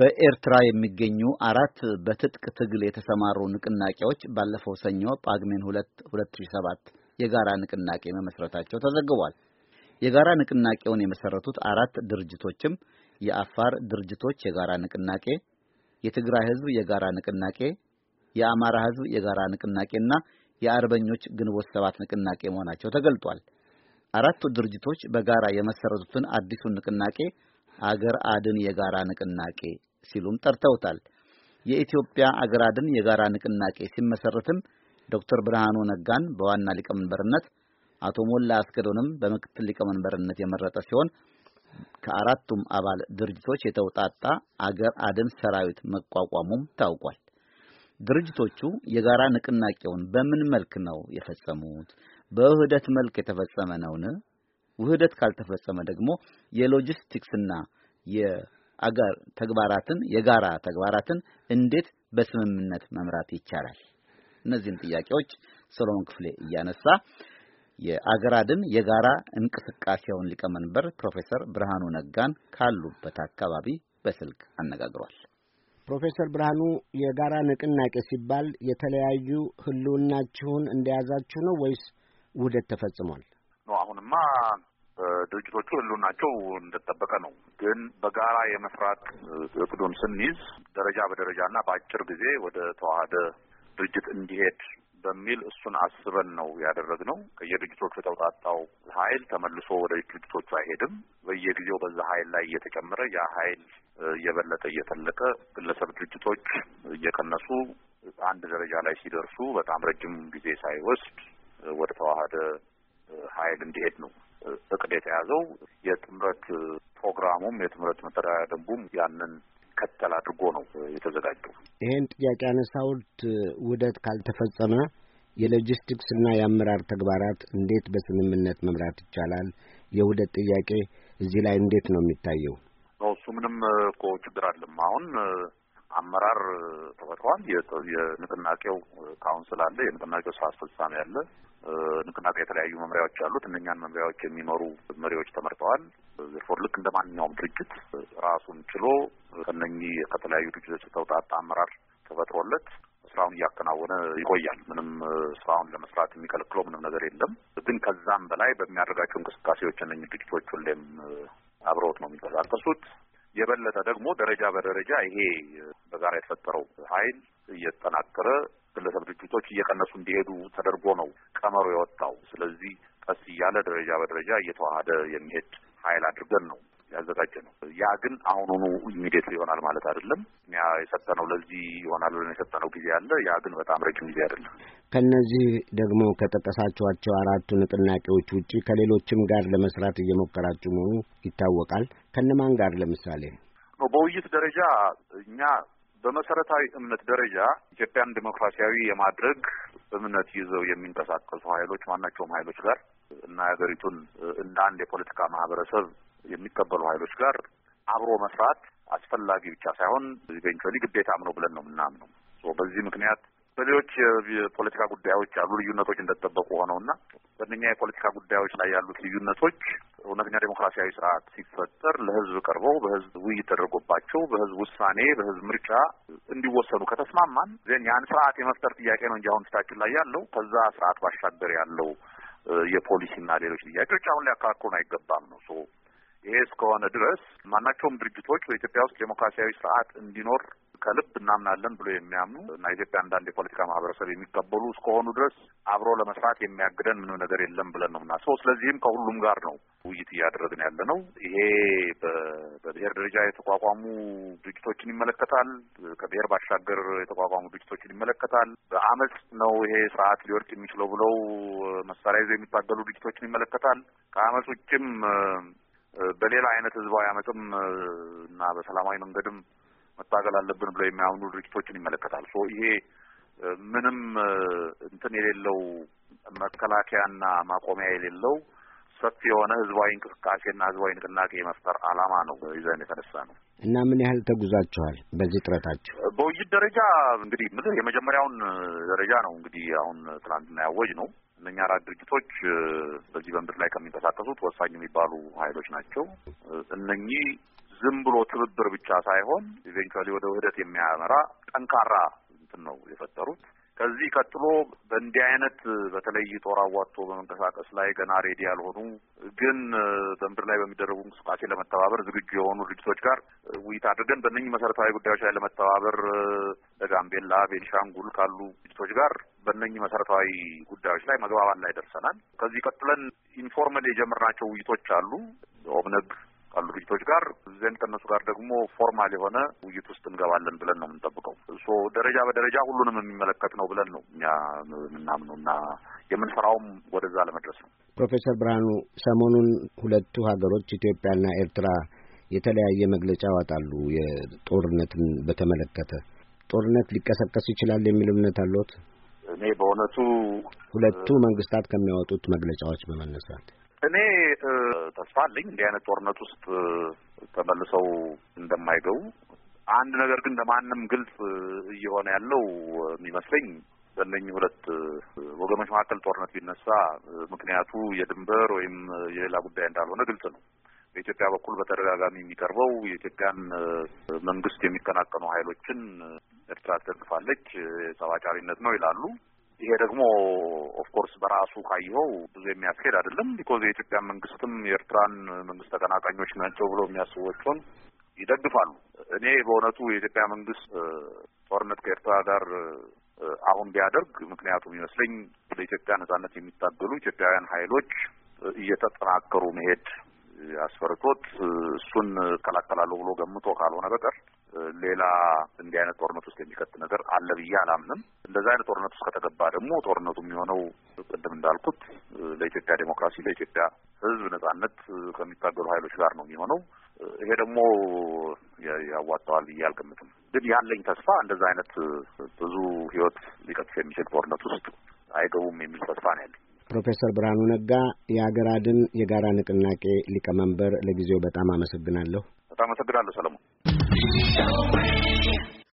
በኤርትራ የሚገኙ አራት በትጥቅ ትግል የተሰማሩ ንቅናቄዎች ባለፈው ሰኞ ጳግሜን 2 2007 የጋራ ንቅናቄ መመስረታቸው ተዘግቧል። የጋራ ንቅናቄውን የመሰረቱት አራት ድርጅቶችም የአፋር ድርጅቶች የጋራ ንቅናቄ፣ የትግራይ ሕዝብ የጋራ ንቅናቄ፣ የአማራ ሕዝብ የጋራ ንቅናቄና የአርበኞች ግንቦት ሰባት ንቅናቄ መሆናቸው ተገልጧል። አራቱ ድርጅቶች በጋራ የመሰረቱትን አዲሱን ንቅናቄ አገር አድን የጋራ ንቅናቄ ሲሉም ጠርተውታል። የኢትዮጵያ አገር አድን የጋራ ንቅናቄ ሲመሰረትም ዶክተር ብርሃኑ ነጋን በዋና ሊቀመንበርነት አቶ ሞላ አስገዶንም በምክትል ሊቀመንበርነት የመረጠ ሲሆን ከአራቱም አባል ድርጅቶች የተውጣጣ አገር አድን ሰራዊት መቋቋሙም ታውቋል። ድርጅቶቹ የጋራ ንቅናቄውን በምን መልክ ነው የፈጸሙት? በውህደት መልክ የተፈጸመ ነውን? ውህደት ካልተፈጸመ ደግሞ የሎጂስቲክስና የአገር ተግባራትን የጋራ ተግባራትን እንዴት በስምምነት መምራት ይቻላል? እነዚህን ጥያቄዎች ሰሎሞን ክፍሌ እያነሳ የአገር አድን የጋራ እንቅስቃሴውን ሊቀመንበር ፕሮፌሰር ብርሃኑ ነጋን ካሉበት አካባቢ በስልክ አነጋግሯል። ፕሮፌሰር ብርሃኑ የጋራ ንቅናቄ ሲባል የተለያዩ ህልውናችሁን እንደያዛችሁ ነው ወይስ ውህደት ተፈጽሟል። አሁንማ ድርጅቶቹ ህልውናቸው እንደተጠበቀ ነው። ግን በጋራ የመስራት እቅዱን ስንይዝ ደረጃ በደረጃና በአጭር ጊዜ ወደ ተዋህደ ድርጅት እንዲሄድ በሚል እሱን አስበን ነው ያደረግነው። ከየድርጅቶቹ የተውጣጣው ኃይል ተመልሶ ወደ ድርጅቶቹ አይሄድም። በየጊዜው በዛ ኃይል ላይ እየተጨመረ ያ ኃይል እየበለጠ እየተለቀ ግለሰብ ድርጅቶች እየቀነሱ አንድ ደረጃ ላይ ሲደርሱ በጣም ረጅም ጊዜ ሳይወስድ ወደ ተዋህደ ኃይል እንዲሄድ ነው እቅድ የተያዘው። የጥምረት ፕሮግራሙም የጥምረት መተዳደሪያ ደንቡም ያንን ከተል አድርጎ ነው የተዘጋጀው። ይህን ጥያቄ አነሳሁት። ውህደት ካልተፈጸመ የሎጂስቲክስ እና የአመራር ተግባራት እንዴት በስምምነት መምራት ይቻላል? የውህደት ጥያቄ እዚህ ላይ እንዴት ነው የሚታየው? እሱ ምንም እኮ ችግር አለም። አሁን አመራር ተፈጥሯል። የንቅናቄው ካውንስል አለ። የንቅናቄው ስራ አስፈጻሚ አለ። ንቅናቄ የተለያዩ መምሪያዎች አሉት። እነኛን መምሪያዎች የሚመሩ መሪዎች ተመርጠዋል። ዘርፎር ልክ እንደ ማንኛውም ድርጅት ራሱን ችሎ ከነኚህ ከተለያዩ ድርጅቶች የተውጣጣ አመራር ተፈጥሮለት ስራውን እያከናወነ ይቆያል። ምንም ስራውን ለመስራት የሚከለክለው ምንም ነገር የለም። ግን ከዛም በላይ በሚያደርጋቸው እንቅስቃሴዎች እነኚህ ድርጅቶች ሁሌም አብረውት ነው የሚንቀሳቀሱት። የበለጠ ደግሞ ደረጃ በደረጃ ይሄ በጋራ የተፈጠረው ኃይል እየተጠናከረ ግለሰብ ድርጅቶች እየቀነሱ እንዲሄዱ ተደርጎ ነው ቀመሩ የወጣው። ስለዚህ ቀስ እያለ ደረጃ በደረጃ እየተዋሃደ የሚሄድ ኃይል አድርገን ነው ያዘጋጀ ነው። ያ ግን አሁኑኑ ኢሚዲየትሊ ይሆናል ማለት አይደለም። ያ የሰጠነው ለዚህ ይሆናል ብለን የሰጠነው ጊዜ አለ። ያ ግን በጣም ረጅም ጊዜ አይደለም። ከእነዚህ ደግሞ ከጠቀሳችኋቸው አራቱ ንቅናቄዎች ውጪ ከሌሎችም ጋር ለመስራት እየሞከራችሁ መሆኑ ይታወቃል። ከነማን ጋር ለምሳሌ? በውይይት ደረጃ እኛ በመሰረታዊ እምነት ደረጃ ኢትዮጵያን ዲሞክራሲያዊ የማድረግ እምነት ይዘው የሚንቀሳቀሱ ኃይሎች ማናቸውም ኃይሎች ጋር እና ሀገሪቱን እንደ አንድ የፖለቲካ ማህበረሰብ የሚቀበሉ ኃይሎች ጋር አብሮ መስራት አስፈላጊ ብቻ ሳይሆን ኢቬንቹዋሊ ግዴታም ነው ብለን ነው የምናምነው። በዚህ ምክንያት በሌሎች የፖለቲካ ጉዳዮች ያሉ ልዩነቶች እንደተጠበቁ ሆነውና በእነኛ የፖለቲካ ጉዳዮች ላይ ያሉት ልዩነቶች እውነተኛ ዴሞክራሲያዊ ስርዓት ሲፈጠር ለህዝብ ቀርበው በህዝብ ውይይት ተደርጎባቸው በህዝብ ውሳኔ በህዝብ ምርጫ እንዲወሰኑ ከተስማማን ዜን ያን ስርዓት የመፍጠር ጥያቄ ነው እንጂ አሁን ፊታችን ላይ ያለው ከዛ ስርዓት ባሻገር ያለው የፖሊሲና ሌሎች ጥያቄዎች አሁን ሊያከራክሩን አይገባም ነው ይሄ እስከሆነ ድረስ ማናቸውም ድርጅቶች በኢትዮጵያ ውስጥ ዴሞክራሲያዊ ስርዓት እንዲኖር ከልብ እናምናለን ብሎ የሚያምኑ እና ኢትዮጵያ አንዳንድ የፖለቲካ ማህበረሰብ የሚቀበሉ እስከሆኑ ድረስ አብሮ ለመስራት የሚያግደን ምንም ነገር የለም ብለን ነው የምናስበው። ስለዚህም ከሁሉም ጋር ነው ውይይት እያደረግን ያለ ነው። ይሄ በብሔር ደረጃ የተቋቋሙ ድርጅቶችን ይመለከታል። ከብሔር ባሻገር የተቋቋሙ ድርጅቶችን ይመለከታል። በአመፅ ነው ይሄ ስርዓት ሊወድቅ የሚችለው ብለው መሳሪያ ይዘው የሚታገሉ ድርጅቶችን ይመለከታል። ከአመፅ ውጭም በሌላ አይነት ህዝባዊ አመፅም እና በሰላማዊ መንገድም መታገል አለብን ብለው የሚያምኑ ድርጅቶችን ይመለከታል። ሶ ይሄ ምንም እንትን የሌለው መከላከያና ማቆሚያ የሌለው ሰፊ የሆነ ህዝባዊ እንቅስቃሴና ህዝባዊ ንቅናቄ የመፍጠር አላማ ነው ይዘን የተነሳ ነው እና ምን ያህል ተጉዛቸዋል በዚህ ጥረታችሁ? በውይይት ደረጃ እንግዲህ ምድር የመጀመሪያውን ደረጃ ነው እንግዲህ አሁን ትናንትና ያወጅ ነው። እነኛ አራት ድርጅቶች በዚህ በምድር ላይ ከሚንቀሳቀሱት ወሳኝ የሚባሉ ሀይሎች ናቸው። እነኚህ ዝም ብሎ ትብብር ብቻ ሳይሆን ኢቬንቹዋሊ ወደ ውህደት የሚያመራ ጠንካራ እንትን ነው የፈጠሩት። ከዚህ ቀጥሎ በእንዲህ አይነት በተለይ ጦር አዋጥቶ በመንቀሳቀስ ላይ ገና ሬዲ ያልሆኑ ግን በምድር ላይ በሚደረጉ እንቅስቃሴ ለመተባበር ዝግጁ የሆኑ ድርጅቶች ጋር ውይይት አድርገን በእነኝህ መሰረታዊ ጉዳዮች ላይ ለመተባበር ለጋምቤላ፣ ቤንሻንጉል ካሉ ድርጅቶች ጋር በእነኝህ መሰረታዊ ጉዳዮች ላይ መግባባት ላይ ደርሰናል። ከዚህ ቀጥለን ኢንፎርመል የጀመርናቸው ውይይቶች አሉ ኦብነግ ካሉ ድርጅቶች ጋር ዘን ከእነሱ ጋር ደግሞ ፎርማል የሆነ ውይይት ውስጥ እንገባለን ብለን ነው የምንጠብቀው። እሶ ደረጃ በደረጃ ሁሉንም የሚመለከት ነው ብለን ነው እኛ የምናምነው እና የምንሰራውም ወደዛ ለመድረስ ነው። ፕሮፌሰር ብርሃኑ ሰሞኑን ሁለቱ ሀገሮች ኢትዮጵያና ኤርትራ የተለያየ መግለጫ ያወጣሉ የጦርነትን በተመለከተ ጦርነት ሊቀሰቀስ ይችላል የሚል እምነት አለዎት? እኔ በእውነቱ ሁለቱ መንግስታት ከሚያወጡት መግለጫዎች በመነሳት እኔ ተስፋ አለኝ እንዲህ አይነት ጦርነት ውስጥ ተመልሰው እንደማይገቡ። አንድ ነገር ግን ለማንም ግልጽ እየሆነ ያለው የሚመስለኝ በእነኝህ ሁለት ወገኖች መካከል ጦርነት ቢነሳ ምክንያቱ የድንበር ወይም የሌላ ጉዳይ እንዳልሆነ ግልጽ ነው። በኢትዮጵያ በኩል በተደጋጋሚ የሚቀርበው የኢትዮጵያን መንግስት የሚቀናቀኑ ኃይሎችን ኤርትራ ትደግፋለች፣ ጸባጫሪነት ነው ይላሉ። ይሄ ደግሞ ኦፍኮርስ በራሱ ካየኸው ብዙ የሚያስኬድ አይደለም። ቢኮዝ የኢትዮጵያ መንግስትም የኤርትራን መንግስት ተቀናቃኞች ናቸው ብሎ የሚያስቧቸውን ይደግፋሉ። እኔ በእውነቱ የኢትዮጵያ መንግስት ጦርነት ከኤርትራ ጋር አሁን ቢያደርግ ምክንያቱ ይመስለኝ ወደ ኢትዮጵያ ነጻነት የሚታገሉ ኢትዮጵያውያን ኃይሎች እየተጠናከሩ መሄድ አስፈርቶት እሱን እከላከላለሁ ብሎ ገምቶ ካልሆነ በቀር ሌላ እንዲህ አይነት ጦርነት ውስጥ የሚከት ነገር አለ ብዬ አላምንም። እንደዚ አይነት ጦርነት ውስጥ ከተገባ ደግሞ ጦርነቱ የሚሆነው ቅድም እንዳልኩት ለኢትዮጵያ ዴሞክራሲ፣ ለኢትዮጵያ ሕዝብ ነጻነት ከሚታገሉ ኃይሎች ጋር ነው የሚሆነው። ይሄ ደግሞ ያዋጣዋል ብዬ አልገምትም። ግን ያለኝ ተስፋ እንደዛ አይነት ብዙ ሕይወት ሊቀጥፍ የሚችል ጦርነት ውስጥ አይገቡም የሚል ተስፋ ነው ያለኝ። ፕሮፌሰር ብርሃኑ ነጋ የሀገር አድን የጋራ ንቅናቄ ሊቀመንበር፣ ለጊዜው በጣም አመሰግናለሁ። estamos a Salomón.